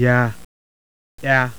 Yeah. Yeah.